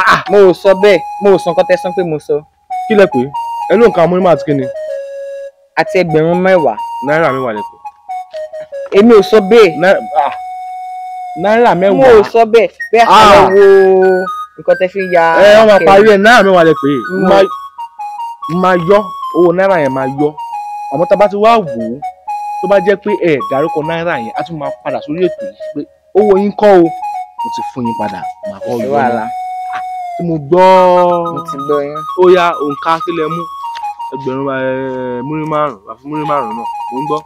S1: ah, ah, mo ò sọ bẹ́ẹ̀ mo ò sọ nǹkan tẹ́sán pé mo sọ. kí lẹ pé ẹ ló ń ka múrẹ́ márùn àti kí àti ẹgbẹ̀rún mẹ́wàá. náírà mẹ́wàá lẹ́kọ̀ọ́. èmi ò sọ bẹ́ẹ̀. náírà ah, mẹ́wàá. mo ò sọ bẹ́ẹ̀ bẹ́ẹ̀ àlọ́ ah. wo nǹkan tẹ́ fi ya. ẹ wọ́n máa parí ẹ̀ náírà mẹ́wàá lẹ́kọ̀ọ́ yìí. máa yọ owó náírà yẹn máa yọ àmọ́ tá a bá ti wá wò ó tó bá jẹ́ pé ẹ̀ dárúkọ náírà yẹn á tún máa padà sórí ètò yìí pé owó yín kọ́ o mo ti fún yín padà màá kọ́ yọ náà ah, tí mo gbọ́ ó ya òǹkà kílẹ̀ mú ẹgbẹ̀rún múrí márùn àfi múrí márùn náà mò ń gbọ́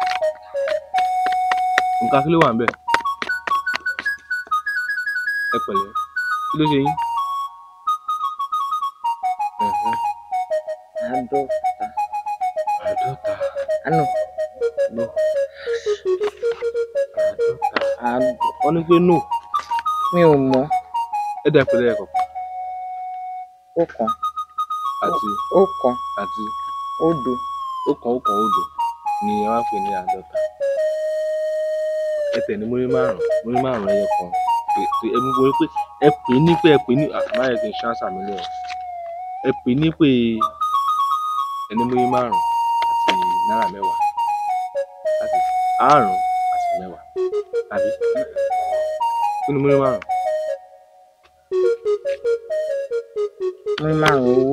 S1: nǹkan kí ló wà ń bẹ̀ ẹ pẹ̀lẹ́ kí ló ṣe yín. àádọ́ta. àádọ́ta. àná. no. àádọ́ta. àádọ́ta. wọ́n ní pé no. mi ò mọ̀. ẹ dá ìpínlẹ̀ ẹ̀kọ́. ó kan. àti. ó kan. àti òdo ọ̀kan ọ̀kan òdo ni ẹ wá ń pè ní àádọ́ta ẹ tẹ̀lé múrí márùn múrí márùn ẹyẹ kan ẹ mú wọlé pé ẹ pè ní pé ẹ pè ní àbáyọ kì í ṣe àṣà mi lẹ́yìn ẹ pè ní pé ẹni múrí márùn àti náírà mẹ́wàá àti àrùn àti mẹ́wàá àbí kí ni múrí márùn. múrí márùn owó.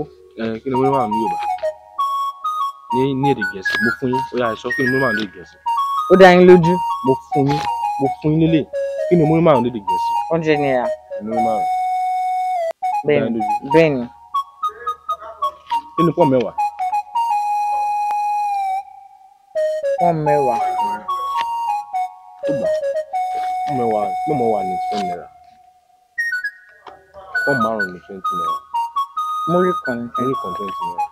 S1: ẹ kí ni múrí márùn ní Yorùbá ní ní èdè gẹ̀ẹ́sì mo fún yín ó yà sọ kí ni mo máa ń lè gẹ̀ẹ́sì. ó dá yín lójú. mo fún yín mo fún yín lélẹ̀ kí ni mo máa ń lè gẹ̀ẹ́sì. hundred naira. mo máa ń. bẹ́ẹ̀ni bẹ́ẹ̀ni. kí ni pọ́n mẹ́wàá. pọ́n mẹ́wàá. tó gbà pọ́n mẹ́wàá pọ́n mẹ́wàá ní ten naira pọ́n márùn-ún ní twenty naira. múrí kan ní twenty naira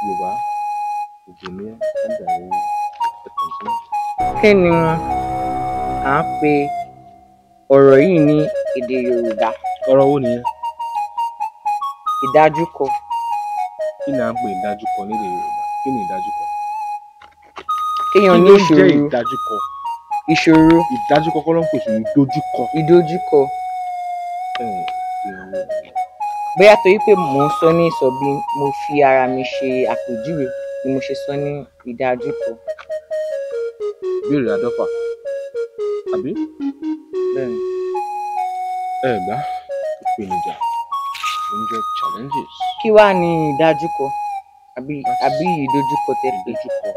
S1: yorùbá ìgbòmíà mandarin ẹkànṣe. kí ni à ń pe ọ̀rọ̀ yìí ní èdè yorùbá. ọ̀rọ̀ wo nìyẹn. ìdájúkọ. kí ni à ń pe ìdájúkọ ní èdè yorùbá kí ni ìdájúkọ. kéèyàn ní ìṣòro kí ló ń jẹ́ ìdájúkọ. ìṣòro. ìdájúkọ kọ́ ló ń pèsè ìdojúkọ. ìdojúkọ. ẹ ẹ ìrànwọ́ bóyá torí pé mò ń sọ ní ìsọ bí mo fi ara mi ṣe àpèjúwe ni mo ṣe sọ ní ìdájúkọ. ìbéèrè àdọ́fà àbí. bẹ́ẹ̀ni. ẹ gbá ìpèníjà oúnjẹ challenges. kí wàá ní ìdájúkọ àbí àbí ìdojúkọ tẹ̀lé. ìdojúkọ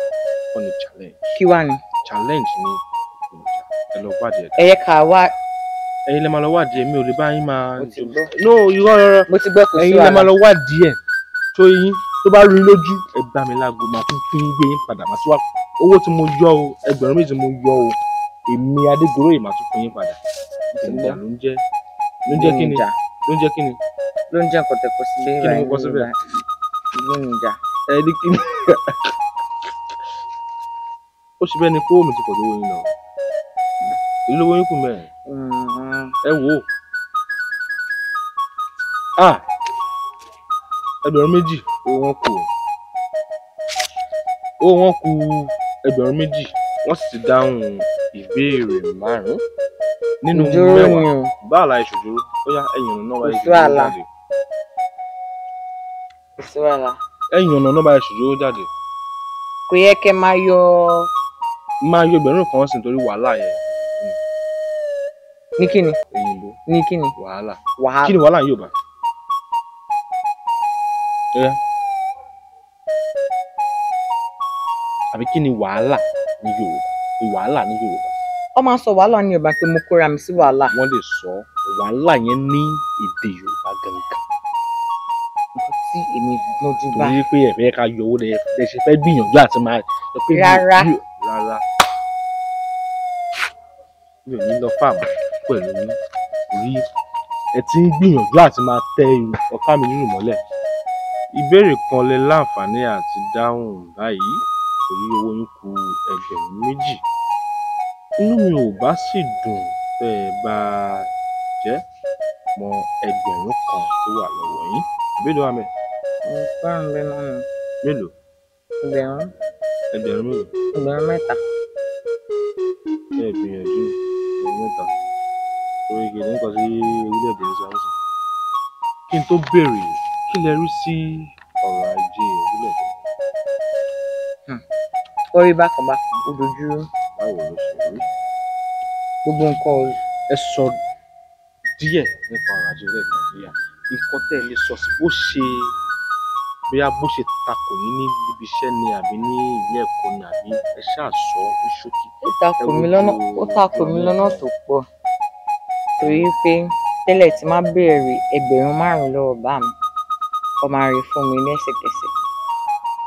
S1: kọ́ ni challenge. kí wàá ní. challenge ni ìpèníjà ẹ lọ wádìí ẹ. ẹ yẹ ká wá ẹ̀yin lè máa lọ wádìí ẹ̀ mi ò lè bá yín máa. no irọ́ rọ́rọ́ mo ti gbọ́ kò sí wàhálà ẹ̀yin lè máa lọ wádìí ẹ̀ tó yín tó bá rí lójú ẹ bá mi láago màá tún tún gbé yín padà màá tún wá owó tí mo yọ o ẹgbẹ̀rún méjì mo yọ o èmi adégoróyè màá tún fún yín padà ìjà ló ń jẹ́ ló ń jẹ́ kí ni ló ń jẹ́ kí ni. ló ń jẹ́ nǹkan tẹ kọ síbẹ̀ kí ni mo ló ń jà. ẹ ní kí ni. [LAUGHS] ó ṣe bẹ́ẹ̀ ni kó omi ti pọ̀ lówó yín lọ ìlú owó yín kù mẹ́ẹ̀ ẹ wò ó ẹgbẹ̀rún méjì owó wọn kù owó wọn kù ẹgbẹ̀rún méjì wọ́n sì ti dáhùn ìbéèrè márùn-ún nínú mẹ́wàá báàlà ìṣòjòrò ó ẹ̀yìn ọ̀nà náà wáyé jáde. ẹ̀yìn ọ̀nà náà wáyé ìṣòjòrò jáde. kò yẹ kẹ́ máa yọ. máa yọ ẹgbẹ̀rún kan sí nítorí wàhálà yẹn ní kíni. òyìnbó ní kíni. wàhálà wàhálà kíni wàhálà yóò bá. àbí kíni wàhálà ní yorùbá wàhálà ní yorùbá. wọ́n máa ń sọ wàhálà ní yorùbá pé mo kóra mi sí wàhálà. wọ́n lè sọ wàhálà yẹn ní èdè yorùbá gangan tí èmi lójú bá. torí pé ẹ̀fẹ́ ká yọ owó lẹ ẹ ṣe fẹ́ gbìyànjú àti máa. rárá rárá. mi ò ní lọ fáàmù pẹ̀lú yín torí ẹ ti ń gbìyànjú àti máa tẹ ọ̀ká mi nínú mọ́lẹ̀ ìbéèrè kan lè láǹfààní àti dáhùn báyìí torí owó yín ku ẹgbẹ̀rún méjì inú mi ò bá sì dùn tẹ́ ẹ bá jẹ́ mọ́ ẹgbẹ̀rún kan tó wà lọ́wọ́ yín àbẹ́lò amẹ́. nǹkan ń bẹ náà. mélòó. ẹgbẹ̀rún. ẹgbẹ̀rún mélòó. ẹgbẹ̀rún mẹ́ta. ẹ gbìyànjú gègé ní nǹkan tí orílẹ̀-èdè ń sọ nísìn. Kí n tó béèrè, kí lẹ rí sí ọ̀rọ̀ ajé orílẹ̀-èdè? Hmm. Ó rí bákan bákan, ó dojú rú. Báwo ló ṣe rí? Gbogbo nǹkan ẹ sọ díẹ̀ nípa ọ̀rọ̀ ajé orílẹ̀-èdè Nàìjíríà. Nǹkan tẹ́ ẹ lè sọ sí bó ṣe bóyá bó ṣe takò yín ní ibi iṣẹ́ ni àbí ní ilé ẹ̀kọ́ ni àbí ẹ ṣáà sọ ní ṣókí. Ó takò mí lọ́nà tó pọ̀ torí pé tẹ́lẹ̀ tí má béèrè ẹgbẹ̀rún márùn-ún lọ́wọ́ bá mi ó máa rí fún mi lẹ́sẹ̀kẹsẹ̀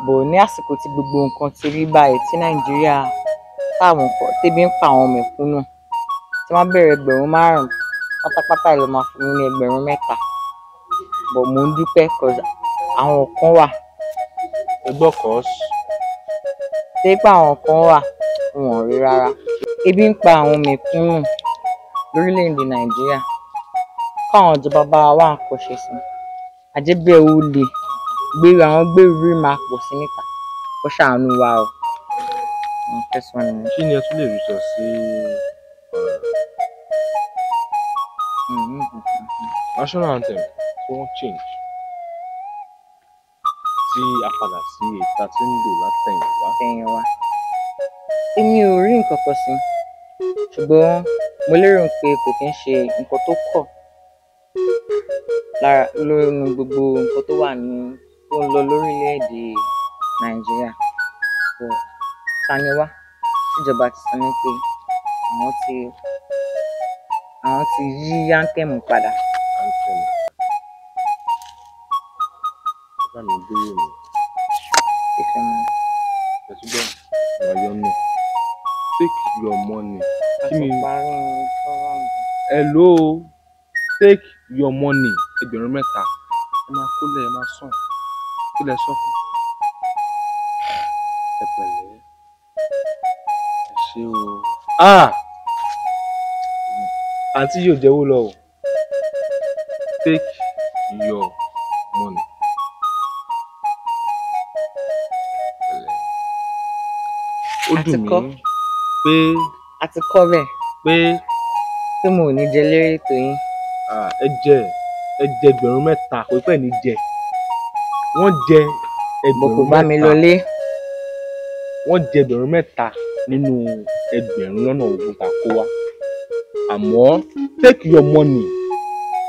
S1: bò ní àsìkò tí gbogbo nǹkan ti rí báyìí tí nàìjíríà táwọn nǹkan tẹ́bí ń pa àwọn mẹ̀kúnnù tí má béèrè ẹgbẹ̀rún márùn-ún pátápátá ló máa fún mi ní ẹgbẹ̀rún mẹ́ta bò mo ń dúpẹ́ cause àwọn kan wà. ẹgbọ́ kọ́s. pé pé àwọn kan wà wọn ò rí rárá ebi ń pa àwọn mẹ̀kúnnù lórílẹ̀‐èdè nàìjíríà káwọn ìjọba bá wa nǹkan ṣe sí àjẹbẹ́ ò lè gbèrú àwọn gbèrú rí máa pọ̀ sí níta kó ṣàánú wa o. kí ni ẹ tún lè rí sọ sí uh, national anthem tí wọ́n change tí a padà sí èta tí ń lò látẹ̀yìnwá. èmi ò rí nǹkan kan sí ṣùgbọ́n mo lérò pé kò kí ń ṣe nǹkan tó kọ̀ lára lórí gbogbo nǹkan tó wà ní tó ń lọ lórílẹ̀‐èdè nàìjíríà kò tani wá ìjọba ti sọ ní àwọn ti àwọn ti yí yáńtẹ̀mù padà. Báwo ni gbé yìí ni? Ìfẹ́ mi. Ìfẹ́ mi. Ìfẹ́ mi take your money. kí ni hello take your money ẹgbẹ̀rún mẹ́ta ẹ máa kólẹ̀ ẹ máa sàn kí lẹ sọ fún ẹ pẹ̀lẹ́ ẹ ṣé o. Ah! àǹtí yóò jẹ́wọ́ lọ o take your money. ó dùn mí pé. a ti kọ́ bẹ́ẹ̀. pé. pé mo ò ní jẹ lérè ètò yín. ẹ jẹ ẹ jẹ ẹgbẹ̀rún mẹ́ta kò pẹ́ ní jẹ wọ́n jẹ ẹgbẹ̀rún mẹ́ta bòkò bá mi lọlé. wọ́n jẹ ẹgbẹ̀rún mẹ́ta nínú ẹgbẹ̀rún lọ́nà ogun tá kó wa àmọ́ take your money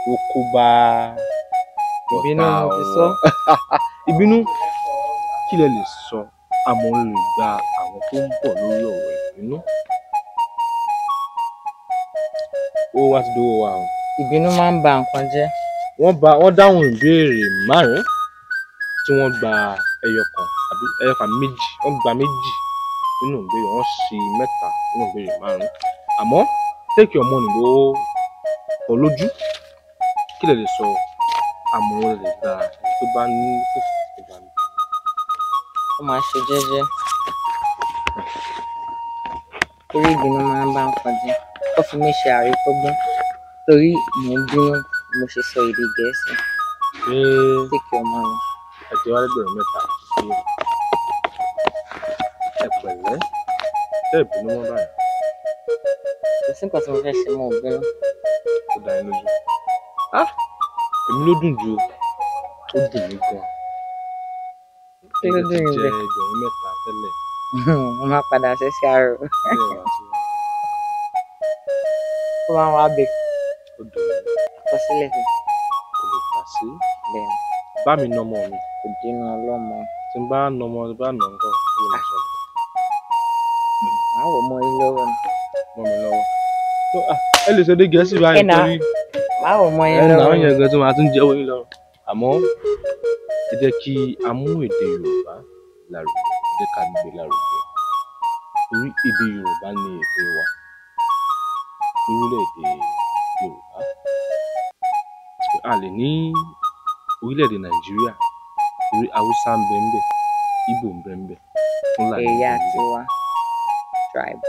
S1: ló kó bá ìbínú mo fi sọ [LAUGHS] ìbínú kí lẹ lè sọ àmọ́ lè gba àwọn tó ń bọ̀ lórí ọ̀rọ̀ yìí ìbínú ó wá ti dówó wa o. ìbínú máa ń ba nǹkan jẹ́. wọ́n ba wọ́n dáhùn ìbéèrè márùn-ún tí wọ́n gba ẹyọ kan àbí ẹyọ kan méjì wọ́n gba méjì nínú ìbéèrè wọ́n ṣe mẹ́ta nínú ìbéèrè márùn-ún take your money ló pọ̀ lójú kí lè lè sọ àmọ̀ràn lè gba ẹni tó bá ní fòfò ìgbà mi. ó máa ṣe jẹ́jẹ́ torí ìbínú máa ń bá ń kọjá ó fi mí ṣe àríkọ́gbọ́n torí mò ń bínú mo ṣe sọ èdè gẹ̀ẹ́sì kéèké ọmọ mi. ẹ̀jẹ̀ wá lẹ́gbẹ̀rún mẹ́ta sí ẹ pẹ̀lẹ́ ṣé ìbínú mọ́ báyìí. kò sí nǹkan tí mo fẹ́ ṣe mo ò bínú. ó dá inú jù. Ah! èmi ló dùn jù ó dùn mí gan kí ló dùn yín bẹ́ẹ̀. ẹ̀jẹ̀ ẹgbẹ̀rún mẹ́ta tẹ́lẹ̀ mo máa padà ṣẹ̀ṣẹ̀ àárọ̀. ó máa ń wá bẹ̀. àkọsílẹ̀ fún. kò lè fà sí. bẹ́ẹ̀ bá mi nọmọ mi. kò dínà ọlọ́mọ. tí n bá nọmọ bá nà ń kọ́ kí ló ń ṣẹlẹ̀. àwọ̀ mọ ilé lọ́wọ́ ni. mọ mi lọ́wọ́. Ah, ẹ lè sọ dé gẹ̀ẹ́sì báyìí torí. àwọ̀ mọ ilé lọ́wọ́ ni. ẹ náà yẹn gan tí màá tún jẹ́ wọ́n yín jẹ́ ká gbé lárugẹ torí èdè Yorùbá ni èdè wa lórílẹ̀-èdè Yorùbá a lè ní orílẹ̀-èdè Nàìjíríà torí Haúsá ń bẹ ńbẹ̀ Ìgbò ń bẹ ńbẹ̀ Fúlàní ń bẹ ẹ̀yà tiwa tribe.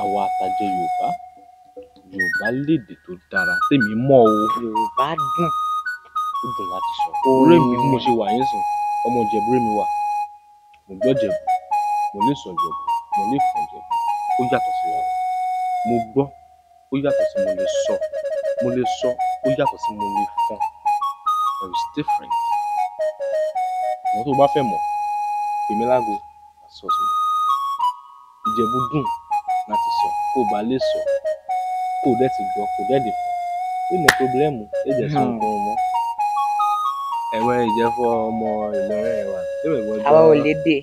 S1: àwa tá jẹ́ Yorùbá Yorùbá lédè tó dára tèmi mọ̀ o. Yorùbá dùn. ó dùn láti sọ. orí mi bí mo ṣe wà yín sùn ọmọ Ìjẹ̀bú-Òde mi wà mo gbọ́jẹ̀bú mo ní ìsànjẹ̀bú mo ní ìfọ̀njẹ̀bú ó yàtọ̀ síra wọn mo gbọ́ ó yàtọ̀ sí mo lè sọ mo lè sọ ó yàtọ̀ sí mo lè fọ́n there is different àwọn tó bá fẹ́ mọ̀ pèmí lágo àsọ̀tún ìjẹ̀bú dùn láti sọ kó o bá lè sọ kó o dẹ́ ti gbọ́ kó o dẹ́ lè fọ́ ó ní pọ́blẹ́mù ẹ̀jẹ̀ sọ̀rọ̀ gan-an ẹ̀wọ̀n ìjẹ́fọ́ ọmọ ìlọrin ẹ̀wà tí mo gbọ́dọ̀ àwa ò lédè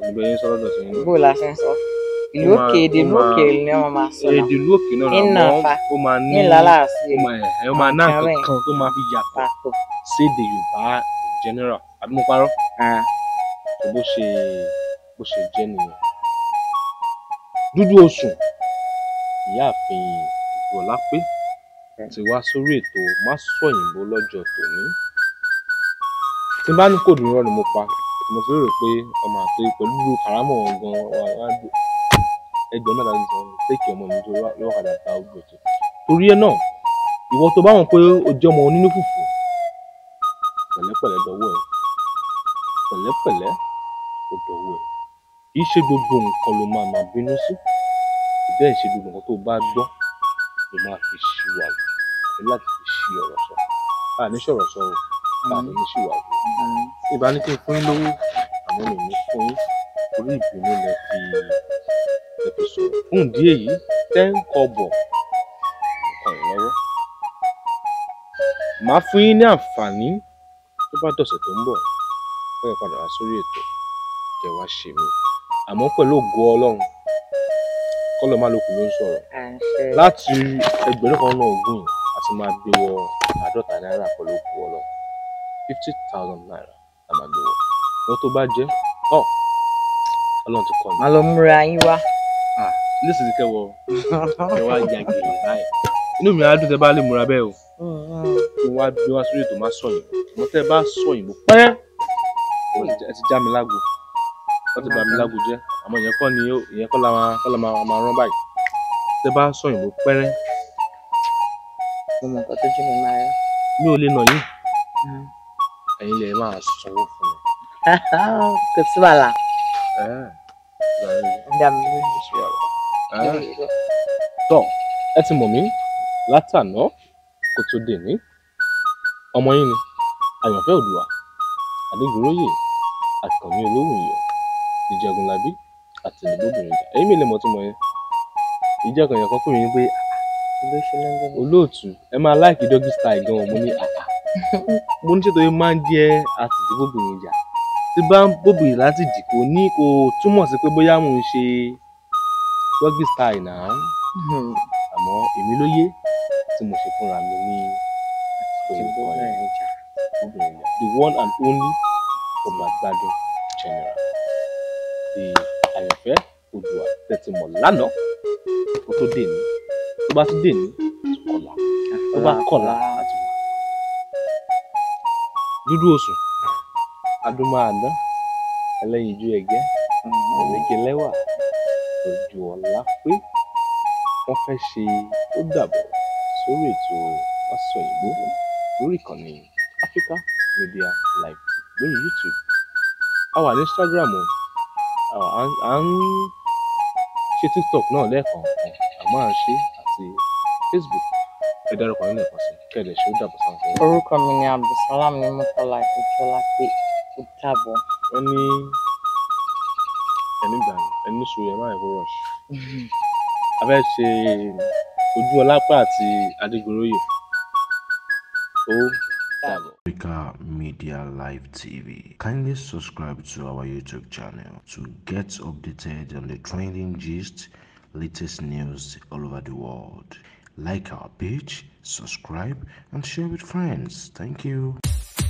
S1: òyìnbó yín sọ lọ́dọ̀ sí yín. bó la ṣe ń sọ ìlú òkè èdè ìlú òkè ni wọ́n máa sọ náà èdè ìlú òkè náà iná fa nílá láàásì ẹ̀ máa ná kankan tó máa fi yàtọ̀ sédè Yorùbá general àbí mo parọ́ bó ṣe bó ṣe jẹ́ nìyẹn dúdú osùn ìyáàfin ìgbọ̀lápé ti wá sórí ètò má sọ̀yìnbó lọ́jọ́ tòní tí n bá ní kò dùn irọ́ ni mo pa mo sì rò pé ọmọ àti pẹ̀lú karamọ̀ gan wà lò ẹgbẹ́ mẹ́ta ní sọ fẹ́ẹ̀kì ọmọ mi tó lọ́kadà ta ogun ètò torí ẹ náà ìwọ tó bá wọn pé o jẹ́ ọmọ onínú fùfù pẹ̀lẹ́pẹ̀lẹ́ dọ̀wọ́ ẹ pẹ̀lẹ́pẹ̀lẹ́ o dọ̀wọ́ ẹ kì í ṣe gbogbo nǹkan ló máa máa bínú sí bẹ́ẹ̀ ṣe gbogbo nǹkan tó bá gbọ́ ló máa fi ṣíwàwọ̀ àti láti fi ṣí ọ̀rọ̀ sọ àní sọ̀rọ̀ sọ láàánú mm. mm. ní ṣùwàwò ìbánikí fún yín lówó àmọ́ mi ní fún yín orí ìbínú lẹ fi lẹ fi sọ fún ìdí èyí tẹ́ ń kọ́bọ̀ kàn lọ́wọ́ màá fún yín ní àǹfààní tó bá dọ̀sẹ̀ tó ń bọ̀ fẹ́ padà wá sórí ètò kẹ́ wá ṣe mí àmọ́ pẹ̀lú ògo Ọlọ́run kọ́lọ̀ má lókun ló sọ̀rọ̀ láti ẹgbẹ̀rún kan náà ogún àti máa gbé wọ àádọ́ta náírà pẹ̀lú ògo Ọlọ́run fifty thousand naira la máa gbé wọ owó tó bá jẹ́ ọ oh, Ọlọ́run ti kọ mi. màá lọ múra yín wá. nísì ah, ti kẹwọ ẹ wá jàǹkì láì inú mi á dùn tẹ bá lè múra bẹ́ẹ̀ o kí wọ́n á gbé wá sórí ètò má sọ yìnbó mo tẹ́ bá sọ yìnbó pẹ́ ẹ ti já mi lágbo wọ́n ti bà mí lágbo jẹ́ àmọ́ ìyẹn kọ́ ni ìyẹn kọ́ la máa rán báyìí tẹ́ bá sọ yìnbó pẹ́rẹ́. mo mọ nǹkan tó jí mi máa rẹ. mi ò lè nà yín. Hmm ẹ̀yin lè máa sanwó fún mi. kò sí wàhálà. tọ́ ẹ ti mọ̀ mí látàná kó tó dè ní ọmọ yín ni àyànfẹ́ òdùwà àdégoróyè àkànní olówùnyọ ìjẹgunlábí àti ìdìbòbìnrin ẹ̀yin mi lè mọ̀ tó mọ̀ yẹn ìjẹ́ kan yẹn kan pè mí pé olóòtú ẹ máa láìkí dọ́gí style gan-an mo ní à mo ní ṣètò yìí máa ń jẹ́ àtìjú bóbìnrin jà tí bá ń bóbìnrin láti dìkò ní kò túmọ̀ sí pé bóyá mò ń ṣe rugby style náà hmm. àmọ́ èmi ló yé tí mo ṣe fúnra mi ní the one and only Ọbagbádùn General the àyànfẹ́ Oòduà tẹ̀tìmọ̀ lánàá kó tó dé ní tó bá tún dé ní kọ̀là
S2: tó bá kọ̀là
S1: dúdú òsùn adúmáàdán ẹlẹ́yinjú ẹ̀gẹ́ ọ̀rẹ́jẹ lẹ́wà ojú ọ̀la pé wọ́n fẹ́ ṣe ó dàbọ̀ sórí ètò wàásù òyìnbó lórí ìkànnì Africa Media Live lórí YouTube a wà ní Instagram o à ń ṣe TikTok náà lẹ́ẹ̀kan àmọ́ à ń ṣe àti Facebook ẹ dárúkọ nínú ẹ̀kọ́ sí i kẹlẹ ṣó dàbọ̀ sáwọn kẹlẹ. orúkọ mi ni abdulsalam ni murtala ìfọlá pé ó dàbọ̀. wọ́n ní ẹni gbà ẹni sùúrù ẹ má yẹ kó rọ̀ṣù. a ṣe ojú ọlápá àti adégoróyè ó dàbọ̀. Africa Media Live TV. Kindly subscribe to our YouTube channel to get updated on the trending gist, latest news all over the world. like our page, subscribe and share with friends. Thank you.